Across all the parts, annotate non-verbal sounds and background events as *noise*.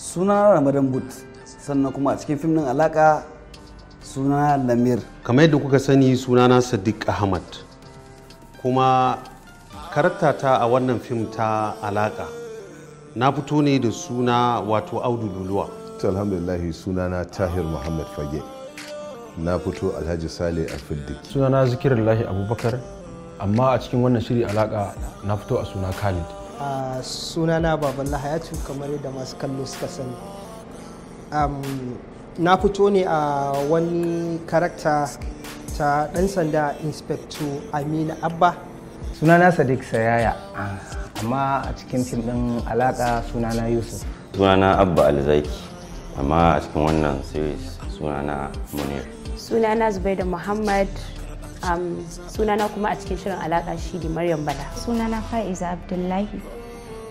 suna ramadan but sannan kuma a cikin fim din alaka suna lamir kamar yadda kuka sani sunana sadiq ahmad kuma ta a wannan fim ta alaka na fito ne da suna wato audu luluwa alhamdulillah sunana tahir muhammad fage na fito alhaji sale suna sunana zikirin lahi abubakar amma a cikin wannan shiri alaka na fito a suna khalid A sunana baban lahayatu kamar yadda masu kallo suka sani na fito ne a wani karakta ta ɗan sanda inspector amina abba sunana sadiq sayaya amma a cikin fim din alaƙa sunana yusuf sunana abba alzaki amma a cikin wannan series sunana munir sunana zubaida muhammad Um, sunana kuma a cikin shirin alaƙa shi da Maryam Bala. Sunana Fa'iza Abdullahi.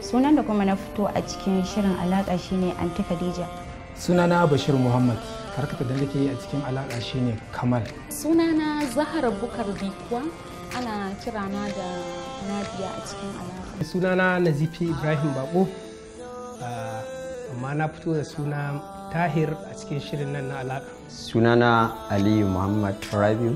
Sunan da kuma na fito a cikin shirin alaƙa shi ne Anti Khadija. Sunana Bashir Muhammad. Karkata da nake yi a cikin alaƙa shi ne Kamal. Sunana Zahara Bukar bikuwa Ana kirana da Nadiya a cikin alaƙa. Sunana Nazifi Ibrahim Bako. Ah, amma na fito da suna Tahir a cikin shirin nan na alaƙa. Sunana Aliyu Muhammad Rabiu.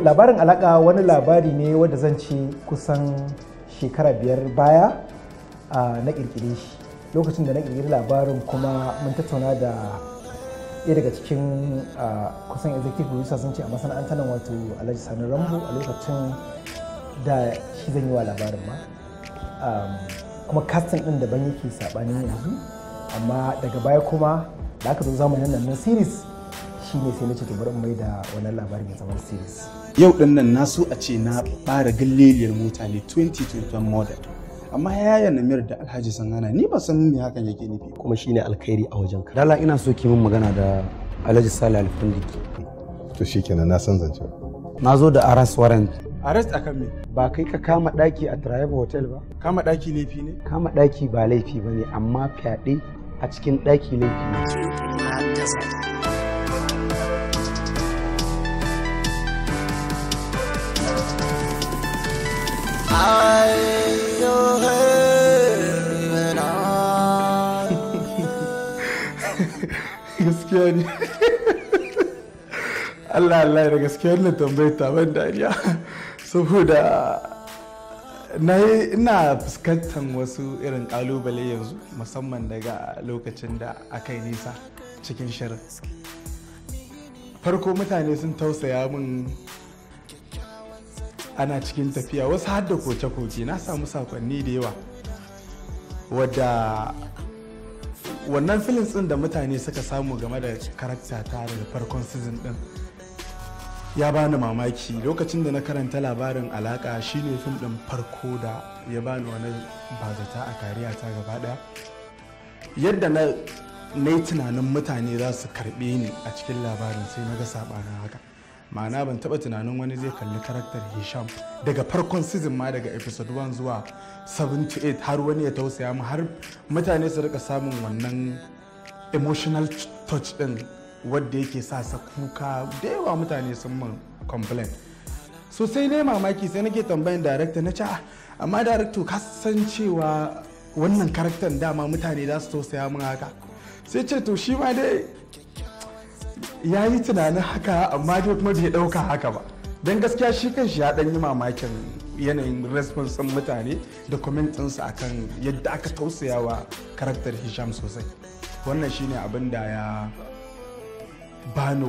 labarin alaka wani labari ne wanda zan ci kusan shekara biyar baya na kirkire shi lokacin da na kirkiri labarin kuma mun tattauna da ɗaya daga cikin kusan executive producer sun ce a masana'antar nan wato alhaji sani rambo a lokacin da shi zan yi wa labarin ma kuma casting ɗin ban yake saɓanin yanzu amma daga baya kuma da aka zo zamanin nan na series shi ne sai na ce to mai da wannan labarin ya zama series yau din nan na so a ce na fara galleliyar mota ne 2021 model amma yi namir da alhaji sangana ni ba san me hakan yake nufi kuma shine alkhairi a wajen ka dala ina so ki min magana da alhaji sale alfundiki to shikenan na san zance na zo da arrest warrant arrest akan me ba kai ka kama daki a tribe hotel ba kama daki laifi ne kama daki ba laifi bane amma fyaɗe a cikin daki laifi ne gaskiya ne Allah Allah da gaskiya ne tambayi ta ban dariya saboda na ina fuskantar wasu irin kalubale yanzu musamman daga lokacin da aka yi nisa cikin shirin farko mutane sun tausaya min ana cikin tafiya wasu har da koke-koke na samu sakonni da yawa wadda wannan filin ɗin da mutane suka samu game da karakta ta daga farkon season ɗin ya bani mamaki lokacin da na karanta labarin alaka shine fim ɗin farko da ya bani wani bazata a kariya ta gaba ɗaya yadda na yi tunanin mutane za su karɓe ni a cikin labarin sai na ga saɓanin haka ma'ana ban taba tunanin wani zai kalli karaktar hisham daga farkon season ma daga episode 1 zuwa 78 har wani ya tausaya mu har mutane su rika samun wannan emotional touch din wadda yake sa sa kuka da yawa mutane sun mun complain so sai ne mamaki sai nake tambayin director na ce ah, amma director ka san cewa wannan karaktar dama mutane za su tausaya mun haka sai ce to shi ma dai ya yi tunanin haka amma dai kuma bai ɗauka haka ba don gaskiya shi kan shi ya ɗan yi mamakin yanayin responsin mutane da comment ɗinsa akan yadda aka tausaya wa karaktar hisham sosai wannan shine abin da ya bani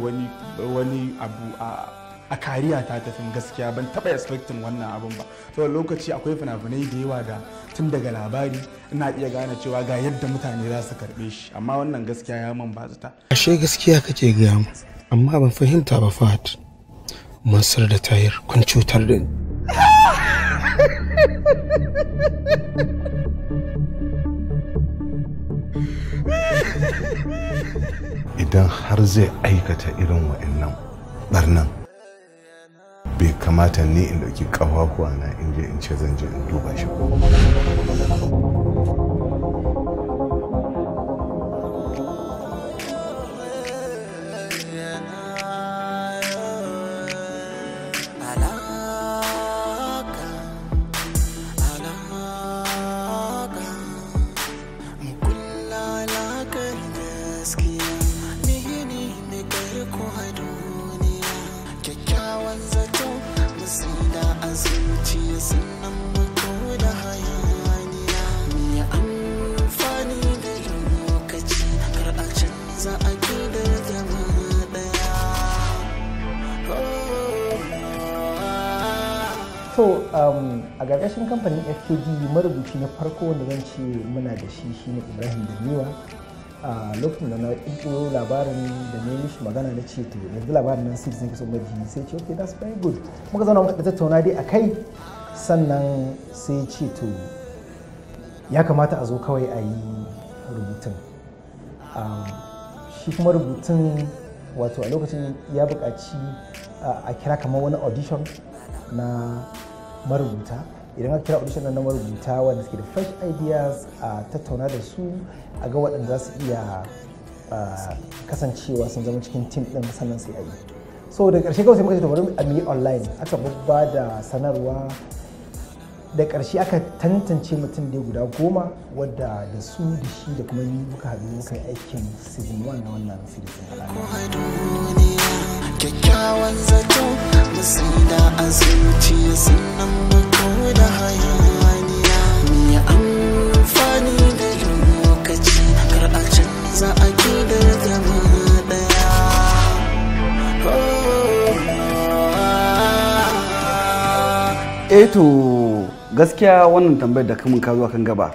wani abu a a kariya ta tafi gaskiya ban taba expecting wannan abin ba to lokaci akwai fina-finai da yawa da tun daga labari ina iya gane cewa ga yadda mutane za su karbe shi amma wannan gaskiya ya man zata ashe gaskiya kake gaya mu amma ban fahimta ba fat masar da tayar kun cutar da idan har zai aikata irin wa'annan barnan bai kamata ne in ɗauki ƙafafuwa na in je in ce zan je in duba shi ba shi shine ibrahim daniwa a lokacin da na ƙirƙiro labarin da na yi magana na ce to yanzu labarin nan sirri zai kusa jini sai ce okay that's very good muka zauna muka tattauna dai a kai sannan sai ce to ya kamata a zo kawai a yi rubutun shi kuma rubutun wato a lokacin ya buƙaci a kira kamar wani audition na marubuta idan aka kira audition na marubuta wanda suke da fresh ideas a tattauna da su a ga waɗanda za su iya kasancewa sun zama cikin team ɗin sannan sai a yi so da ƙarshe kawai sai muka ce to bari a online aka babba da sanarwa da ƙarshe aka tantance mutum dai guda goma wadda da su da shi da kuma ni muka haɗu muka aikin season 1 na wannan series kyakkyawan zato musina a zuciya sannan makau da hayaniya me amfani da lokaci kar a canza a gidar gaba daya oh. eto eh gaskiya wannan tambayar da kamun ka zuwa kan gaba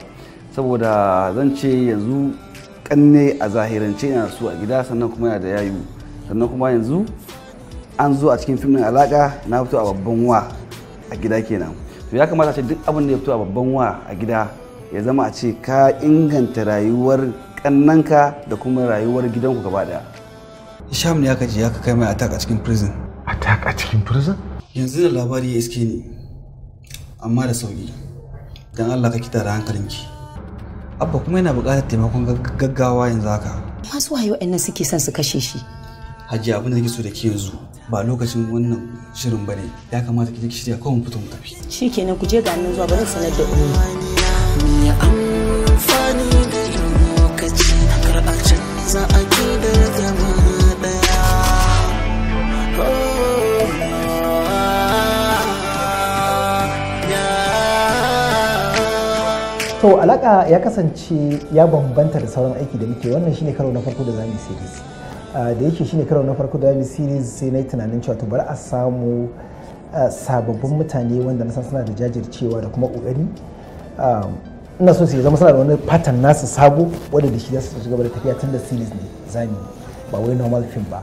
saboda zan ce yanzu kanne a zahirance yana su a gida sannan kuma yana da yayu sannan kuma yanzu an zo a cikin fim din alaka na fito a babban wa a gida kenan to ya kamata ce duk abin da ya fito a babban wa a gida ya zama a ce ka inganta rayuwar kannanka da kuma rayuwar gidanku gaba daya sham ne aka je ya kai mai attack a cikin prison attack a cikin prison yanzu da labari ya iske ni amma da sauki don Allah ka kita da hankalinki abba kuma yana buƙatar taimakon gaggawa yanzu haka masu wayo nan suke son su kashe shi hajji abin da nake so da ke yanzu ba lokacin wannan shirin bane ya kamata ki shirya kawai mu fito mu tafi shikenan ku je ga nan zuwa ba zan sanar da ku to alaka ya kasance ya bambanta da sauran aiki da muke wannan shine karo na farko da zamu series ah, da yake shine karo na farko da zamu series sai na yi tunanin cewa to bari a samu ah, sababbin mutane wanda na san suna da jajircewa da kuma kokari ah, ina so su zama suna da wani pattern nasu sabo wanda da shi za su gaba da tafiya tun da series ne zamu ba wai normal film ba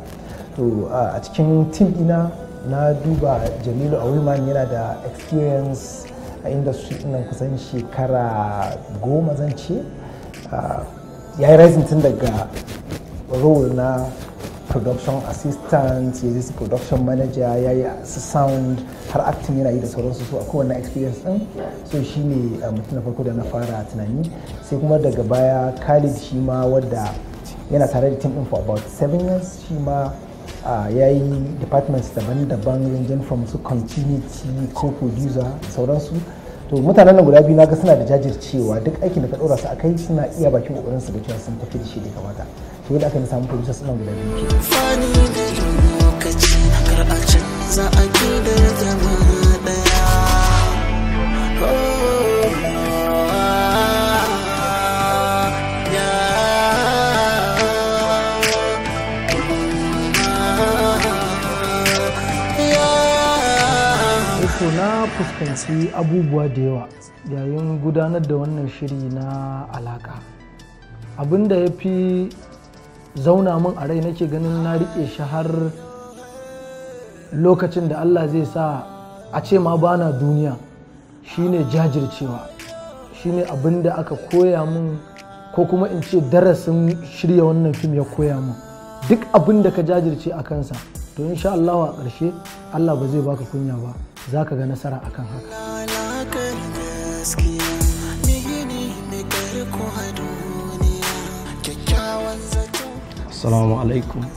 to a cikin team ina na duba jamilu awiman yana da experience a su nan kusan shekara goma zan ce ya yi rising tun daga role na production assistant ya zai production manager ya yi sound har acting yana yi da sauransu su a wannan experience din so shi ne mutum na farko da na fara tunani sai kuma daga baya khalid shi ma wadda yana tare da team din for about 7 years shi ma ya yi departments daban-daban ranging from su continuity ko producer sauransu to mutanen nan guda biyu na ga suna da jajircewa duk aikin da ka dora su akai suna iya bakin kokarin su da cewa sun tafi da shi da kamata to yadda aka samu producer suna guda biyu ke a to na fuskanci abubuwa da yawa yayin gudanar da wannan shiri na alaka abinda ya fi zauna min a rai nake ganin na riƙe shi har lokacin da allah zai sa a ce ma bana duniya shine jajircewa shine abinda aka koya min ko kuma in ce darasin shirya wannan fim ya koya min duk abin da ka jajirce a kansa to insha Allah a ƙarshe Allah ba zai baka kunya ba za ka ga nasara akan haka Assalamu alaikum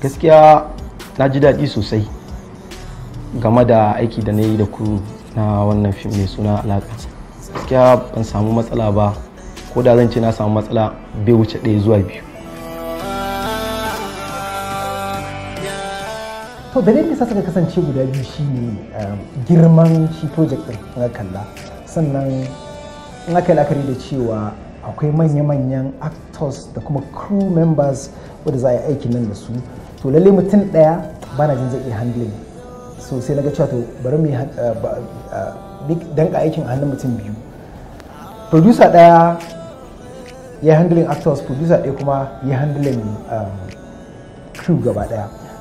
gaskiya na ji daɗi sosai game da aiki da na yi da ku na wannan fim mai suna alaƙa gaskiya ban samu matsala ba ko da zan ce na samu matsala bai wuce ɗaya zuwa biyu to da sa suka kasance guda biyu shi ne eh, girman shi project din na kalla sannan in aka la'akari da cewa akwai manya-manyan actors da kuma crew members wadda za a yi aikin nan da su to lalle mutum ɗaya ba na jin zai iya handling so sai na cewa to bari mu eh, eh, danka aikin a hannun mutum biyu producer ɗaya ya handling actors producer ɗaya kuma ya handling crew gaba ɗaya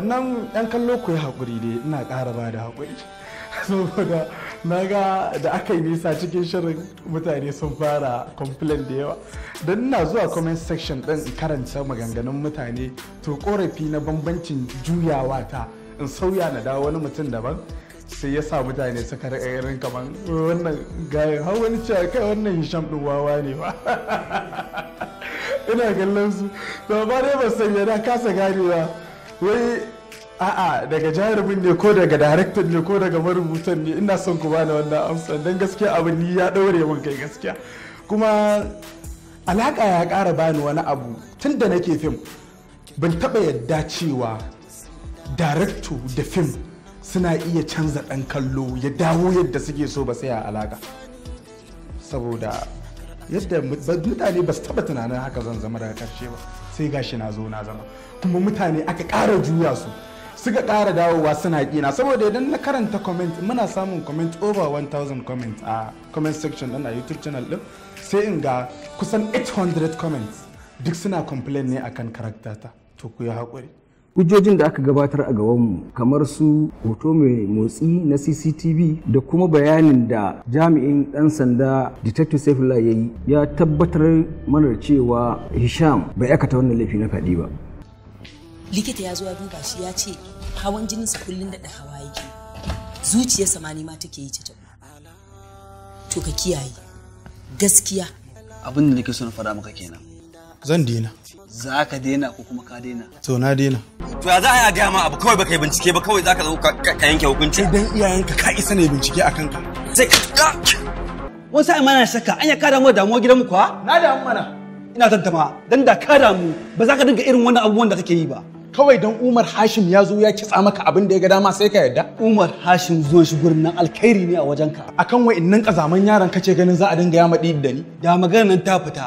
sannan yan kallo ku yi haƙuri dai ina ƙara ba da haƙuri *laughs* saboda na ga da aka yi nisa cikin shirin mutane sun fara complain da yawa don ina zuwa comment section ɗin in karanta maganganun mutane to korafi na bambancin juyawa ta in sauya na dawo wani mutum daban sai ya sa mutane suka rika irin kaman oh, wannan gayan har wani cewa kai wannan hisham ɗin wawa ne ba *laughs* ina kallon su to ba dai ban sanya na kasa ganewa wai a'a daga jarumin ne ko daga director ne ko daga marubutan ne ina son ku bani wannan amsa don gaskiya abin ni ya daure mun kai gaskiya kuma alaka ya kara bani wani abu tun da nake fim ban taba yadda cewa director da fim suna iya canza dan kallo ya dawo yadda suke so ba sai a alaka saboda yadda mutane ba su taba tunanin haka zan zama daga karshe ba sai gashi na zo na zama kuma mutane aka kara juya su suka kara dawowa suna ƙina saboda idan na karanta comment muna samun comment over 1000 comment a comment section ɗin a youtube channel ɗin sai in ga kusan 800 comments duk suna complain ne akan karaktata to ku yi haƙuri hujjojin da aka gabatar a gabanmu kamar su hoto mai motsi na cctv da kuma bayanin da jami'in ɗan sanda detective saifula ya yi ya tabbatar mana cewa hisham bai aikata wannan laifi na faɗi ba likita ya zo ya duba shi ya ce hawan jininsa kullum da da hawa yake zuciyarsa ma ma take yi ta to ka kiyaye gaskiya abin da likita na fara maka kenan Zan dina. Za ka dena ko kuma ka dena. To na daina. To ya za a gaya ma abu kawai baka yi bincike ba kawai za ka zo ka yanke hukunci. Idan iyayenka ka isa ne bincike a kanka. Sai ka Wani sa'in mana shakka an ya ka damu da gidan mu kuwa? Na damu mana. Ina tantama dan da ka damu ba za ka dinga irin wannan abubuwan da kake yi ba. Kawai dan Umar Hashim ya zo ya kitsa maka abin da ya ga dama sai ka yarda? Umar Hashim zuwan shi gurin nan alkhairi ne a wajenka. Akan wa'innan kazaman yaran kace ganin za a dinga yama ɗi da ni? Da maganar ta fita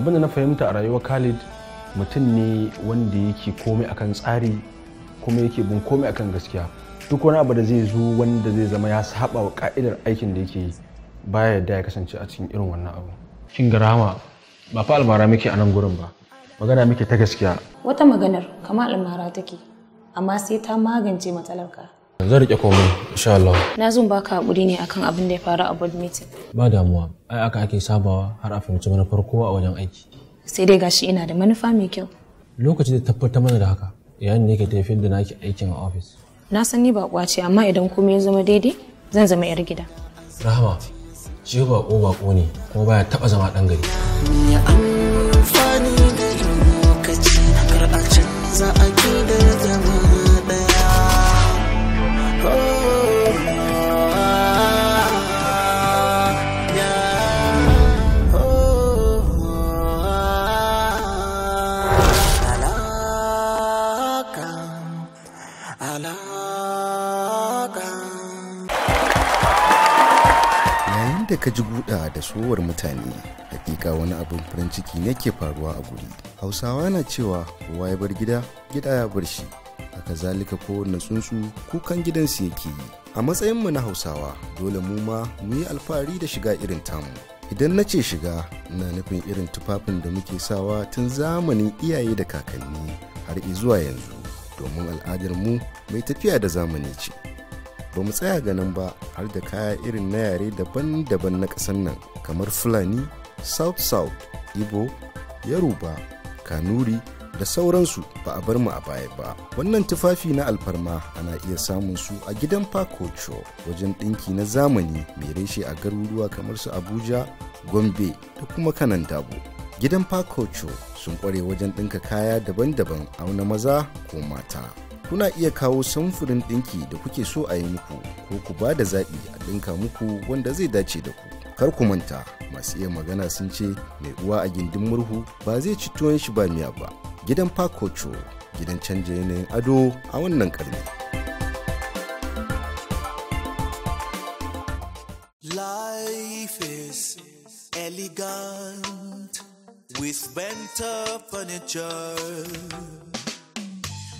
abinda na fahimta a rayuwar khalid mutum ne wanda yake komai akan tsari kuma yake bin komai akan gaskiya duk wani abu da zai zo wanda zai zama ya saba wa ka'idar aikin da yake baya da ya kasance a cikin irin wannan abu kin garama ba fa almara muke a nan gurin ba magana muke ta gaskiya wata maganar kamar almara take amma sai ta magance matsalarka Zan rike komai insha Allah. Na zan baka hakuri ne akan abin da ya faru a board meeting. Ba damuwa. Ai aka ake sabawa har a fahimci mana farko a wajen aiki. Sai dai gashi ina da manufa mai kyau. Lokaci da tabbatar mana da haka. Yayin ne yake tafiyar da naki aikin a office. Na san ni baƙuwa ce amma idan komai ya zama daidai zan zama 'yar gida. Rahama, shi baƙo baƙo ne kuma baya taɓa zama ɗan gari. amfani a da ka ji buɗa da sowar mutane hakika wani abin farin ciki ne ke faruwa a guri hausawa na cewa kowa ya bar gida gida ya bar shi haka zalika kowanne tsuntsu kukan gidansu yake yi a matsayinmu na hausawa dole mu ma mu yi alfahari da shiga irin tamu idan na ce shiga na nufin irin tufafin da muke sawa tun zamanin iyaye da kakanni har zuwa yanzu domin al'adar mu mai tafiya da zamani ce ba mu tsaya ga nan ba har da kaya irin na yare daban-daban na ƙasar nan kamar fulani south south igbo yaruba kanuri da sauransu ba a bar mu a baya ba wannan tufafi na alfarma ana iya samun su a gidan pakocho wajen ɗinki na zamani mai reshe a garuruwa kamar su abuja gombe da kuma kanan dabo gidan pakocho sun kware wajen ɗinka kaya daban-daban auna maza ko mata kuna iya kawo samfurin ɗinki da kuke so a yi muku ko ku ba da zaɓi a ɗinka muku wanda zai dace da ku kar ku manta masu iya magana sun ce mai uwa a gindin murhu ba zai ci tuwon shi ba miya ba gidan pakocho gidan canja yanayin ado a wannan karni elegant with bent furniture.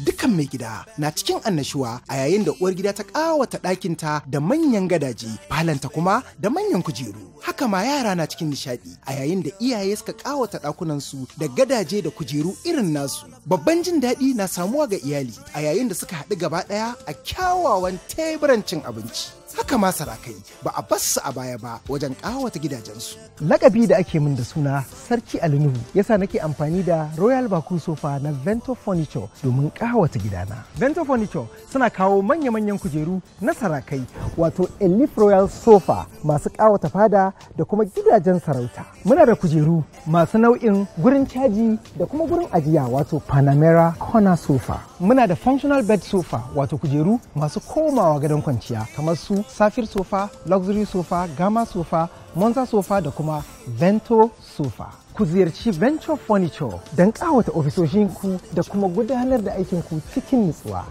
Dukan mai gida na cikin annashuwa a yayin da uwar gida ta kawata ɗakinta da manyan gadaje falanta kuma da manyan kujeru haka ma yara na cikin nishaɗi a yayin da iyaye suka ƙawata ɗakunansu da gadaje da kujeru irin nasu babban jin daɗi na samuwa ga iyali a yayin da suka haɗu gaba ɗaya a kyawawan teburan cin abinci haka ma sarakai ba a su a baya ba wajen ƙawata gidajensu. Lakabi da ake min da suna Sarki Alinuhu yasa nake amfani da Royal Baku Sofa na Vento Furniture domin ƙawata gidana. Vento Furniture suna kawo manya-manyan kujeru na sarakai wato Elif Royal Sofa masu ƙawata fada da kuma gidajen sarauta. Muna da kujeru masu nau'in gurin caji da kuma gurin ajiya wato Panamera Corner Sofa. Muna da Functional Bed Sofa wato kujeru masu komawa gadon kwanciya kamar su safir sofa luxury sofa gama sofa monza sofa da kuma vento sofa ku ziyarci venture furniture don kawata ofisoshinku da kuma gudanar da aikinku cikin nutsuwa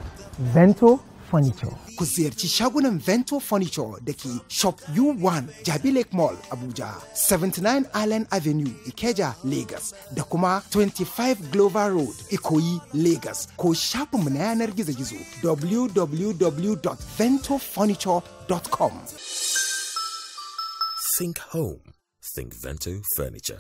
vento furniture ku ziyarci shagunan Vento Furniture da ke Shop U1 Jabi Lake Mall Abuja, 79 Allen Avenue Ikeja Lagos da kuma 25 Glover Road Ikoyi Lagos ko shafinmu na yanar gizo-gizo www.ventofurniture.com. Think home, think Vento Furniture.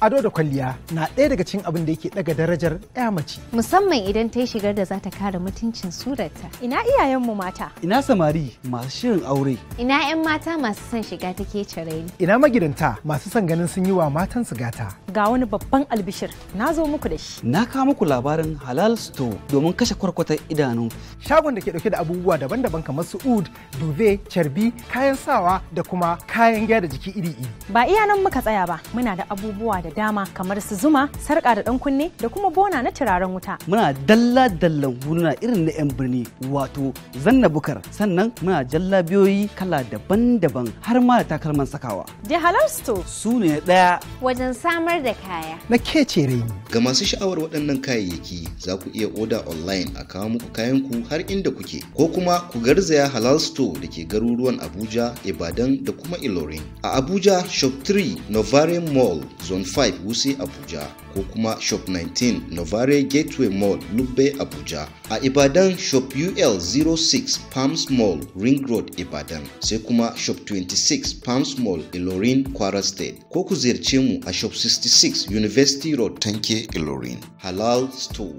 ado da kwalliya na ɗaya daga cikin abin da yake ɗaga darajar ya mace musamman idan ta yi shigar da za ta kare mutuncin surata. ina iyayenmu mata ina samari masu shirin aure ina 'yan mata masu son shiga take cire ina magidanta masu son ganin sun yi wa matan su gata ga wani babban albishir na zo muku da shi na kawo muku labarin halal store domin kashe kwarkwatar idanu shagon da ke ɗauke da abubuwa daban-daban kamar su ud duve carbi kayan sawa da kuma kayan gyara jiki iri-iri ba iya nan muka tsaya ba muna da abubuwa da da dama kamar su zuma, sarƙa da ɗan kunne da kuma bona na turaren wuta. Muna dalla dallan wuna irin na 'yan birni wato zanna bukar sannan muna jallabiyoyi kala daban-daban har ma da takalman sakawa. Jahalar Sto. Su ne ɗaya. Wajen samar da kaya. Na kece rai. Ga masu sha'awar waɗannan kayayyaki za ku iya oda online a kawo muku kayanku har inda kuke ko kuma ku garzaya Halal Sto da ke garuruwan Abuja, Ibadan da kuma Ilorin. A Abuja Shop 3 Novarium Mall Zone 5 5 wuse abuja ko kuma shop 19 novare gateway mall lubbe abuja a ibadan shop ul 06 palms mall ring road ibadan sai kuma shop 26 palms mall ilorin kwara state ko ku ziyarce mu a shop 66 university road tanke ilorin halal store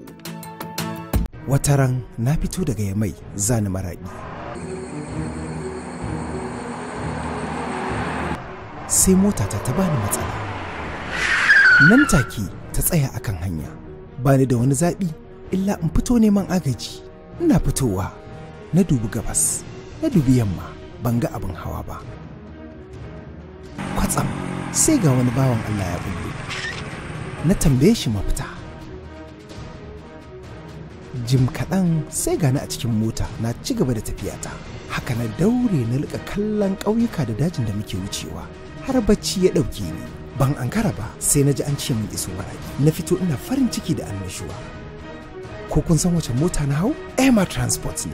wataran na fito daga yamai zani maraɗi sai mota ta bani matsala nan take ta tsaya akan hanya ba ni da wani zaɓi illa in fito neman agaji ina fitowa na dubi gabas na dubi yamma ban ga abin hawa ba kwatsam sai ga wani bawan Allah ya bullo na tambaye shi mafita jim kaɗan sai gani a cikin mota na ci gaba da tafiyata haka na daure na liƙa kallon ƙauyuka da dajin da muke wucewa har bacci ya ɗauke ni ban ankara ba sai na ji an ce mun iso waraki na fito ina farin ciki da annashuwa ko kun san wace mota na hau emma transport ne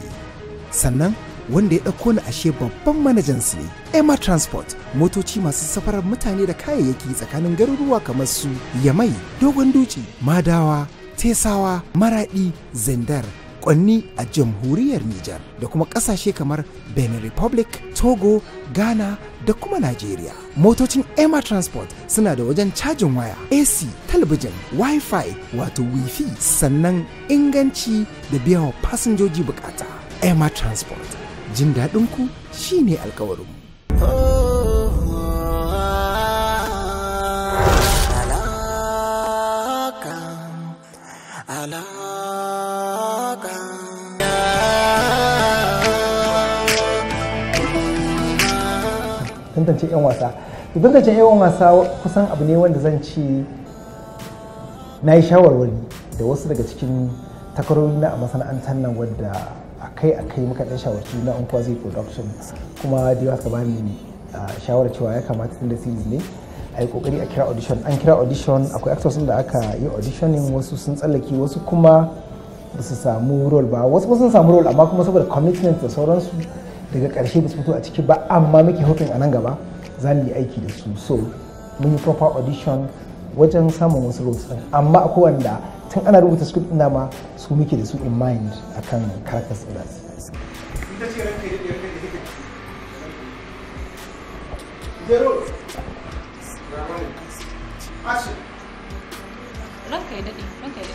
sannan wanda ya ɗauko ni ashe babban manajan su ne emma transport motoci masu safarar mutane da kayayyaki tsakanin garuruwa kamar su yamai dogon duci madawa tesawa maradi zindar saƙonni a jamhuriyar Nijar da kuma ƙasashe kamar Benin Republic, Togo, Ghana da kuma Najeriya. Motocin Emma Transport suna da wajen cajin waya, AC, talabijin, Wi-Fi wato Wi-Fi sannan inganci da biyan fasinjoji bukata. Emma Transport, jin daɗinku shine alkawarinmu. Oh. tantance 'yan wasa to tantance 'yan wasa kusan abu ne wanda zan ce na yi shawarwari da wasu daga cikin takarori na a masana'antar nan wadda akai akai muka ɗan shawarci na unkwazi production kuma da yawa ka bani shawarar cewa ya kamata tun da series ne a yi kokari a kira audition an kira audition akwai actors da aka yi auditioning wasu sun tsallake wasu kuma ba su samu role ba wasu sun samu role amma kuma saboda commitment da sauransu daga ƙarshe ba su fito a ciki ba amma muke hoping a nan gaba za mu yi aiki da su so mun yi proper audition wajen samun wasu roles din amma akwai wanda tun ana rubuta script ɗin ma su muke da su in mind akan characters ɗin ranka ya daɗe ranka ya daɗe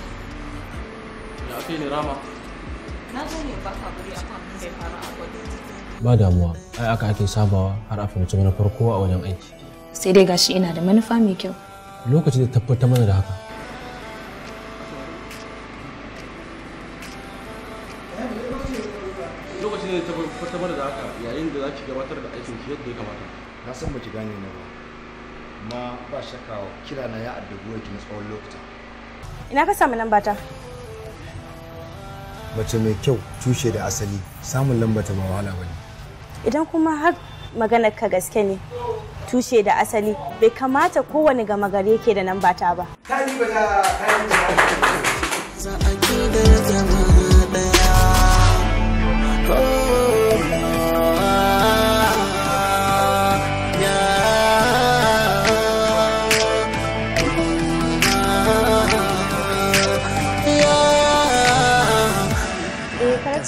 da ake ne rama na zo ne ba ka guri akan abin da ya faru a gwada ba damuwa ai aka ake sabawa har a fahimci manufar kowa a wajen aiki sai dai gashi ina da manufa mai kyau lokaci da tabbatar mana da haka lokaci ne ta mana da haka yayin da za ki gabatar da aikin ki yadda ya kamata na san baki gane na ba amma ba shakka kira na ya addabuwa ki na tsawon lokuta ina ka samu lambata mace mai kyau tushe da asali samun lambata ba wahala bane idan kuma har maganar ka gaske ne tushe da asali bai kamata kowane gama gari yake da nan bata ba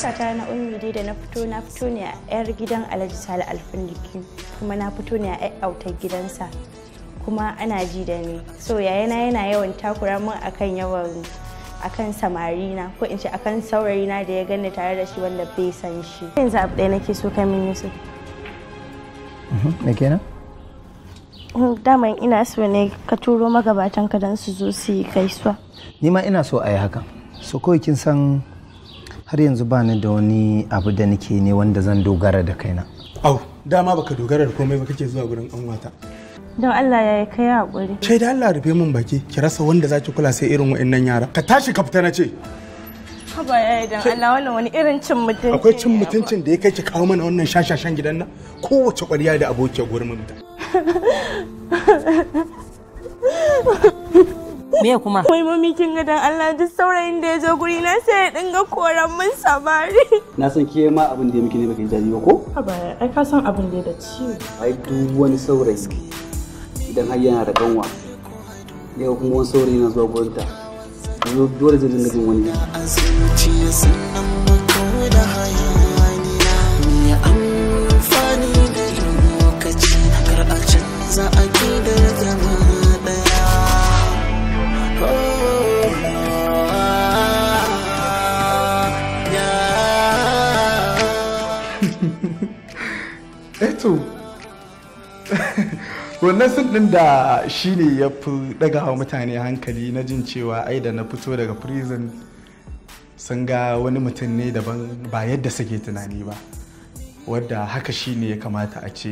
ta eh, na ni da na fito na fito ne a 'yar gidan alhaji sale alfindiki kuma na fito ne a 'yar gidansa kuma ana ji da ni so yayana yana yawan takura min akan yawan akan samari na ko in ce akan saurari na da ya gani tare da shi wanda bai san shi yanzu abu ɗaya nake so kai min yusuf mhm. me kenan mm, daman ina so ne ka turo magabatan ka don su zo su yi gaisuwa ni ma ina so a yi hakan so kawai kin san har yanzu ba ni da wani abu da nake ne wanda zan dogara da kaina au dama baka dogara da komai ba kake zuwa gurin wata. don Allah ya yi kai hakuri sai da Allah rufe min baki ki rasa wanda zaki kula sai irin wa'annan yara ka tashi ka fita na ce haba ya yi don Allah wannan wani irin cin mutunci akwai cin mutuncin da ya kai ki kawo mana wannan shashashan gidan nan kowace ƙwarya da abokiya gurin mutum *laughs* me kuma wai mami kin ga dan Allah duk saurayin da ya zo guri na sai ya dinga koran min samari *laughs* na san ke ma abin da ya miki ne baki jari ba ko a baya ai ka san abin da ya da ciwo ai duk wani saurayi idan har yana da ganwa ne kuma wani saurayi na zuwa gurin ta dole zai dinga jin wani to *laughs* wannan sun din da shi ne ya fi daga mutane hankali na jin cewa ai da na fito daga prison sun ga wani mutum ne daban ba yadda suke tunani ba wadda haka shi ne ya kamata a ce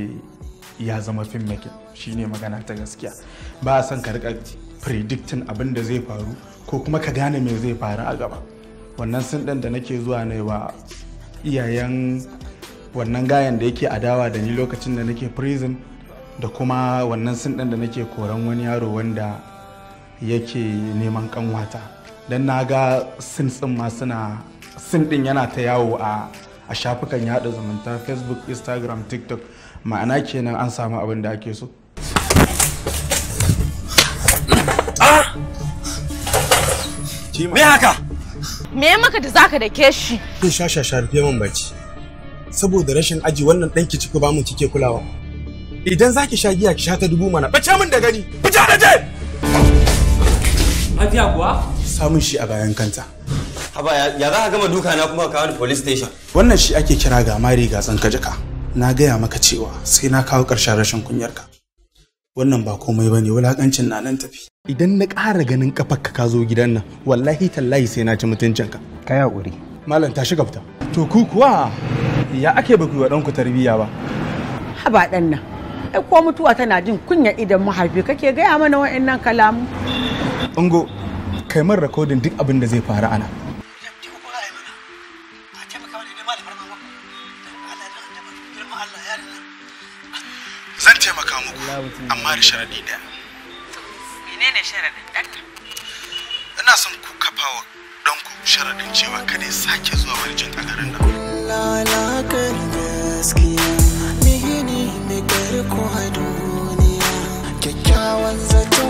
ya zama filmmaking shi ne magana ta gaskiya ba a son ka rika predicting abin da zai faru ko kuma ka gane me zai faru a gaba wannan sun ɗin da nake zuwa ne wa iyayen wannan gayan da yake adawa da ni lokacin da nake prison da kuma wannan sun da nake koran wani yaro wanda yake neman kanwata don na ga sin ma suna sin din yana ta yawo a a shafukan yada zumunta facebook instagram tiktok ma'ana kenan an samu abin da ake so ah! me haka me maka da zaka da ke shi sha sha sha rufe saboda rashin aji wannan ki ciki ba mu kike kulawa idan za ki sha giya ki sha ta dubu mana bace min da gani bace da je lafiya kuwa samun shi a bayan kanta haba ya za ka gama duka na kuma kawo ni police station wannan shi ake kira ga mari ga tsanka jaka na gaya maka cewa sai na kawo ƙarshen rashin kunyarka wannan ba komai ba ne, wulakancin na nan tafi idan na ƙara ganin kafarka ka zo gidan nan wallahi tallahi sai na ci mutuncinka ka hakuri malam ta shiga fita to ku kuwa ya ake baku wa ɗanku tarbiyya ba haba ɗan nan ai ko mutuwa tana jin kunya idan mahaifi kake gaya mana wa'annan kalamu ungo kai man rakodin duk abin da zai faru ana zan taimaka muku amma da sharaɗi ɗaya menene sharaɗin ɗan ina son ku wa gidanku sharaɗin cewa kada ya sake zuwa wani jin gaskiya, mihini mai garko a zato,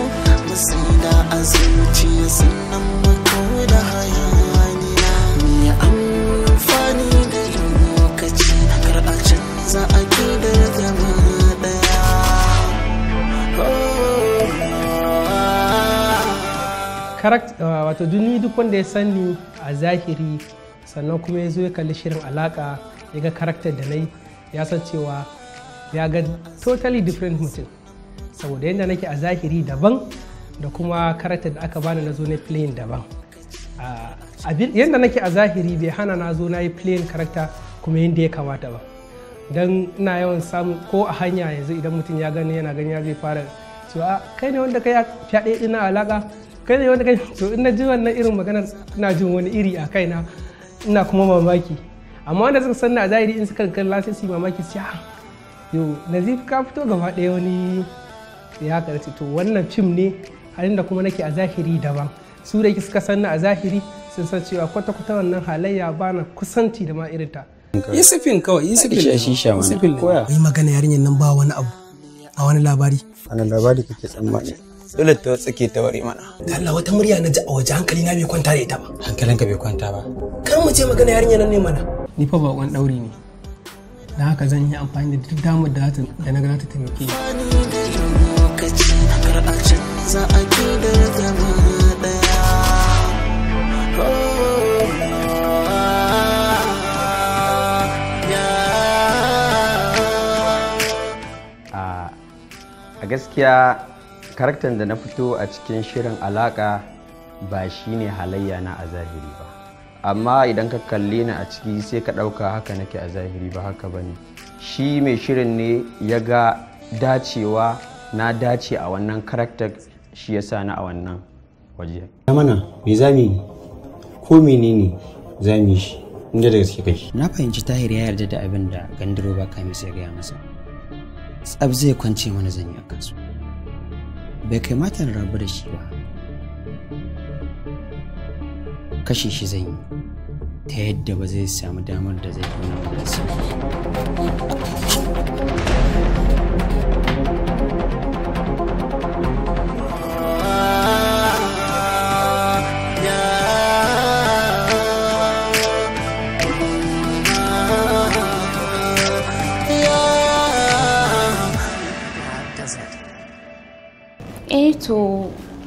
sannan mako hayaniya. amfani da lokaci, kar a canza a Uh, wato duni duk wanda ya sani a zahiri sannan kuma ya zo ya kalli shirin alaka ya ga karakter da na ya san cewa ya ga totally different mutum saboda yadda nake a zahiri daban da kuma karakter da aka bani na zo na playing daban uh, yadda nake a zahiri bai hana na zo na yi playing karakta kuma yadda ya kamata ba don ina yawan samu ko a hanya yanzu idan mutum ya gani yana gani ya zai fara cewa ah, kai ne wanda ka ya fyaɗe ina alaka kai ne wani kai to ina ji wannan irin magana ina jin wani iri a kaina ina kuma mamaki amma wanda suka sanna a zahiri in suka kan lasisi mamaki su ha ah, yo nazif ka fito gaba ɗaya wani ya karci to wannan fim ne halin da kuma nake a zahiri daban su da suka sanna a zahiri sun san cewa kwata-kwata wannan halayya ba na kusanci da ma irinta yusufin kawai yusufin ne koya yi magana yarinyar nan ba wani abu a wani labari a labari kake tsammani dole ta tsake ta ware mana Allah wata murya na ji a waje hankali na bai kwanta da ita ba hankalinka bai kwanta ba kar mu je magana yarinya nan ne mana ni fa bakon dauri ne da haka zan yi amfani da duk damar da da na gana ta taimake ah, a gaskiya karaktan da na fito a cikin shirin alaka ba shine halayya na a zahiri ba amma idan ka kalli ni a ciki sai ka ɗauka haka nake a zahiri ba haka ba ne shi mai shirin ne ya ga dacewa na dace a wannan karakta shi ya sa na a wannan waje mana me za mu yi ko menene za mu yi shi inda da gaske kai na fahimci tahir ya yarda da abin da gandaroba kamis ya gaya masa tsab zai kwance mana zanyi a kansu bai mata na rabu da shi ba kashe shi zan yi ta yadda ba zai samu damar da zai kona ba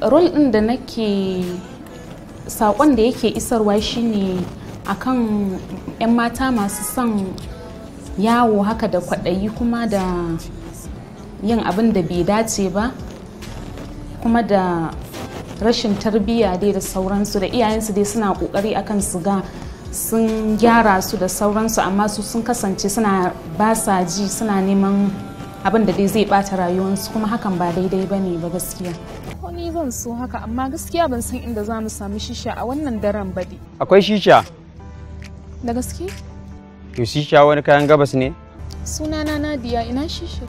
rol ɗin da nake saƙon da yake isarwa shine akan 'yan mata masu son yawo haka da kwaɗayi kuma da yin abin da bai dace ba kuma da rashin tarbiyya dai da sauransu da iyayensu dai suna kokari akan su ga sun gyara su da sauransu amma su sun kasance suna basa ji suna neman abin da dai zai bata rayuwarsu kuma hakan ba daidai ba ne ba gaskiya ni zan so haka amma gaskiya ban san inda za mu sami shisha a wannan daren ba akwai shisha da gaske to shisha wani kayan gabas ne sunana nadiya ina shisha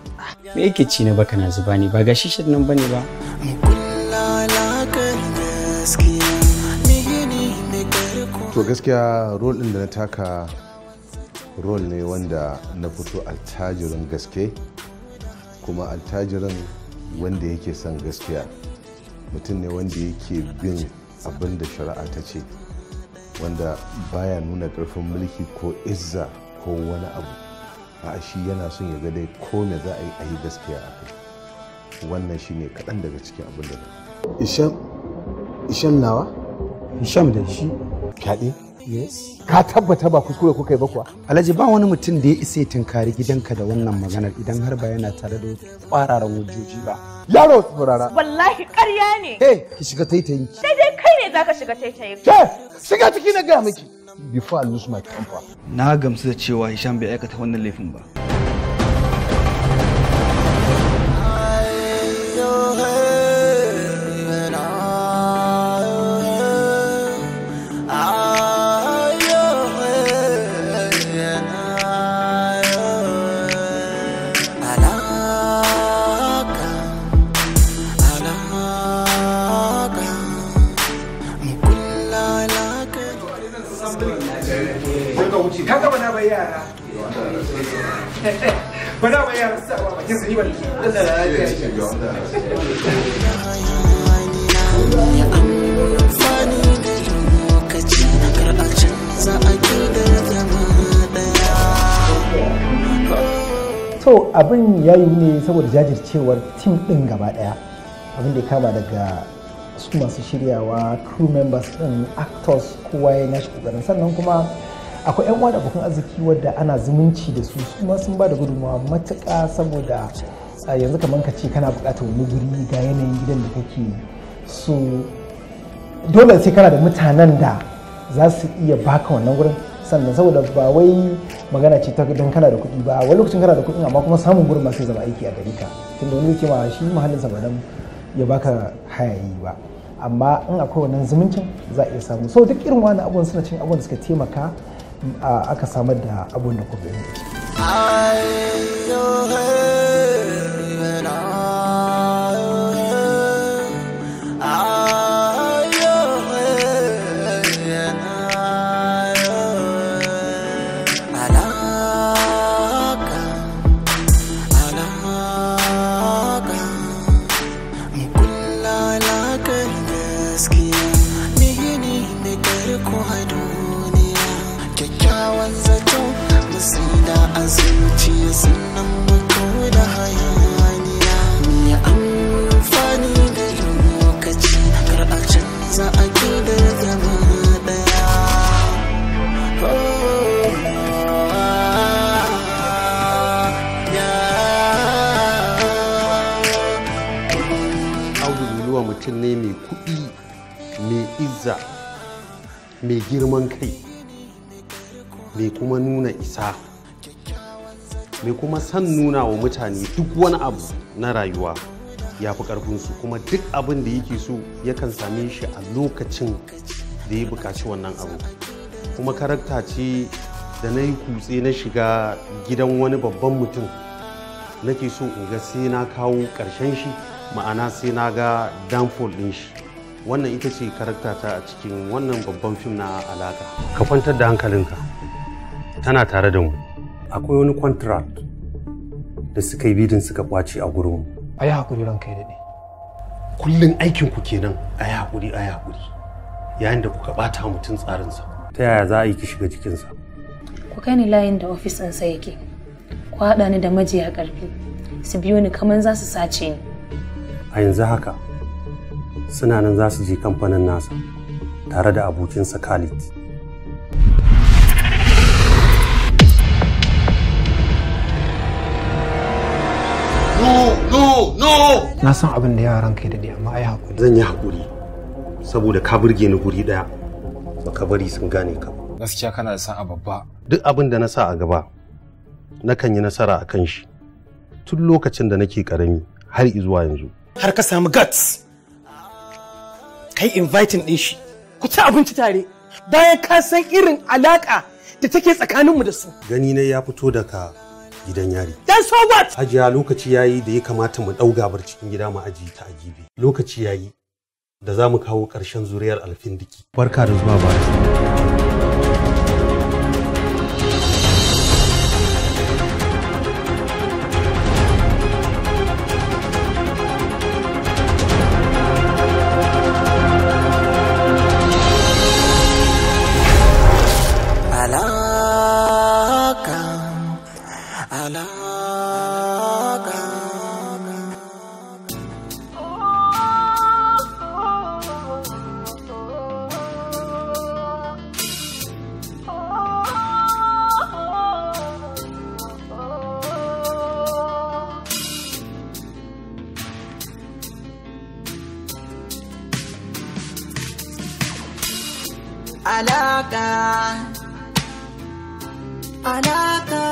me yake ci na baka na zuba ne ba ga shisha nan bane ba to gaskiya role din da na taka role ne wanda na fito altajirin gaske kuma attajirin wanda yake son gaskiya mutum ne wanda yake bin abin da shari'a ta ce wanda baya nuna karfin mulki ko izza ko wani abu a shi yana son ya ga dai ko me za a yi a yi gaskiya a kai wannan shi ne kaɗan daga cikin abin da isham nawa isham da shi fyaɗe ka tabbata ba kuskure kuka yi ba kuwa alhaji ba wani mutum da ya isa tunkari gidanka da wannan maganar idan har ba yana tare da kwararan wujoji ba yaro saurara wallahi ƙarya ne eh ki shiga taitayin ki dai kai ne zaka shiga taitayin ke shiga ciki na ga miki before i lose my temper na gamsu da cewa hisham bai aikata wannan laifin ba ya yi ne saboda jajircewar tim ɗin gaba ɗaya abin da ya kama daga su masu shiryawa crew members ɗin actors kowa ya nashi kokarin sannan kuma akwai 'yan uwa da abokan arziki wadda ana zumunci da su su ma sun ba da gudunmawa matuƙa saboda yanzu kamar ka ce kana buƙatar wani guri ga yanayin gidan da kake so dole sai kana da mutanen da za su iya baka wannan gurin sannan saboda ba wai magana ce ta don kana da kuɗi ba wani lokacin kana da kuɗi amma kuma samun gurin masu zama aiki a gari ka tunda wani ke ce ma shi mahallin sa ba dan ya baka hayayi ba amma in akwai wannan zumuncin za a iya samu so duk irin wani abubuwan suna cin abubuwan da suka taimaka aka samar da abubuwan da kuma yanzu. izza mai girman kai mai kuma nuna isa mai kuma san nuna wa mutane duk wani abu na rayuwa ya fi ƙarfinsu kuma duk abin da yake so yakan same shi a lokacin da ya buƙaci wannan abu kuma karakta ce da na yi kutse na shiga gidan wani babban mutum nake so in ga sai na kawo ƙarshen shi ma'ana sai na ga downfall ɗin shi wannan ita ce karakta ta a cikin wannan babban fim na alaka ka kwantar da hankalinka tana tare da mu akwai wani contract da suka yi bidin suka kwace a gurin a yi hakuri ranka daɗe kullum aikinku kenan a yi hakuri a yi hakuri yayin da kuka ɓata mutum tsarinsa ta yaya za a yi ki shiga jikinsa ku kai ni layin da ofis ɗinsa yake ku haɗa ni da majiya ƙarfi su biyo ni kamar za su sace ni a yanzu haka suna nan za su je kamfanin nasa tare da abokinsa khalid no no no na san abin da yaran kai da amma ai hakuri zan yi hakuri saboda ka burge ni guri daya baka bari sun gane ka gaskiya kana da a babba duk abin da na sa a gaba nakan yi nasara a kan shi tun lokacin da nake karami har izuwa yanzu har ka samu guts kai inviting din shi ku ci abinci tare bayan ka san irin alaka da take tsakaninmu da su gani ne ya fito daga gidan yari dan so what hajiya lokaci yayi da ya kamata mu dauga bar cikin gida mu aji ta ajibi lokaci yayi da za mu kawo ƙarshen zuriyar alfindiki barka da zuwa ba alaka alaka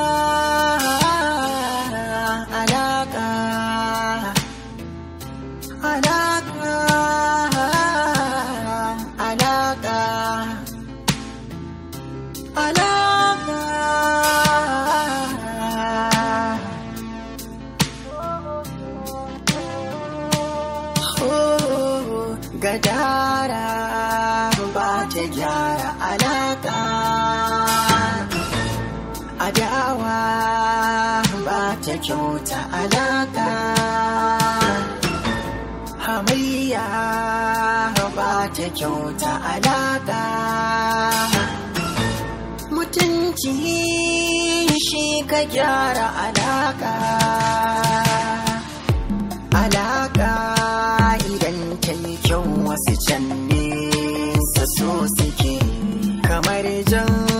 kyauta alaƙa mutunci shi ka gyara alaƙa alaƙa idan ta kyau wasu can nesa so suke kamar jan